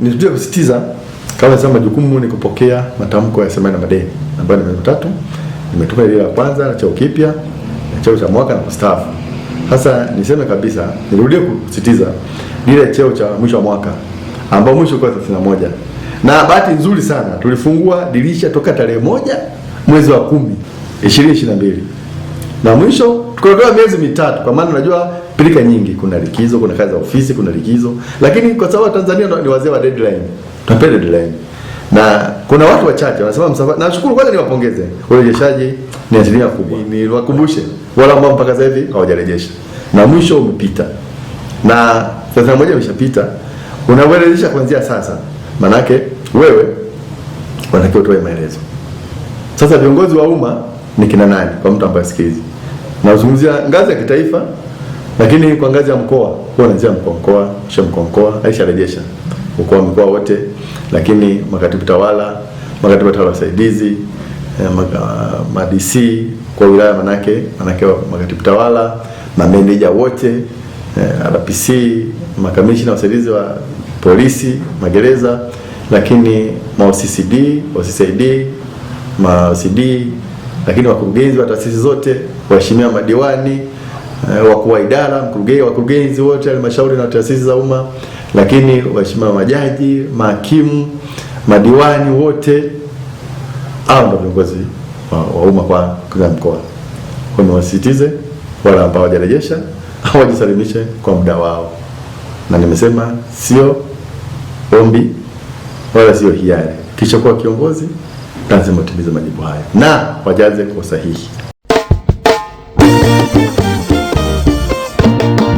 Nituja kusitiza kama nasema, majukumu ni kupokea matamko ya semina na madeni ambayo ni matatu nimetoka ile ya kwanza na chao kipya na chao cha mwaka na kustaafu. Sasa niseme kabisa, nirudie kusitiza ile cheo cha mwisho wa mwaka ambao mwisho kwa 31. Na bahati nzuri sana tulifungua dirisha toka tarehe moja mwezi wa kumi 2022 na mwisho tukatoa miezi mitatu, kwa maana unajua pilika nyingi, kuna likizo, kuna kazi za ofisi, kuna likizo, lakini kwa sababu Tanzania ni wazee wa deadline, tunapenda deadline na kuna watu wachache wanasema msafara. Nashukuru kwanza, niwapongeze urejeshaji ni asilimia kubwa, niwakumbushe wala ambao mpaka sasa hivi hawajarejesha, na mwisho umepita na thelathini moja imeshapita, unawarejesha kuanzia sasa, manake wewe unatakiwa utoe maelezo sasa. Viongozi wa umma ni kina nani? Kwa mtu ambaye sikizi, nazungumzia ngazi ya kitaifa lakini kwa ngazi ya mkoa huwa anaanzia mkoa mkoa, kisha mkoa mkoa, Aisha rejesha mkoa mkoa wote, lakini makatibu tawala, makatibu tawala wasaidizi, eh, madisi kwa wilaya, manake manake makatibu tawala, mameneja wote, eh, RPC, makamishina wasaidizi wa polisi, magereza, lakini maoccd, OCCD, maocd, lakini wakurugenzi wa taasisi zote, waheshimiwa madiwani eh, wakuu wa idara, mkurugenzi, wakurugenzi wote halmashauri na taasisi za umma, lakini waheshimiwa majaji, mahakimu, madiwani wote, hao ndio viongozi wa, wa umma kwa kila mkoa. Niwasisitize wala ambao hawajarejesha wajisalimishe kwa muda wao, na nimesema sio ombi wala sio hiari. Kisha kuwa kiongozi lazima utimize majibu haya na wajaze kwa usahihi.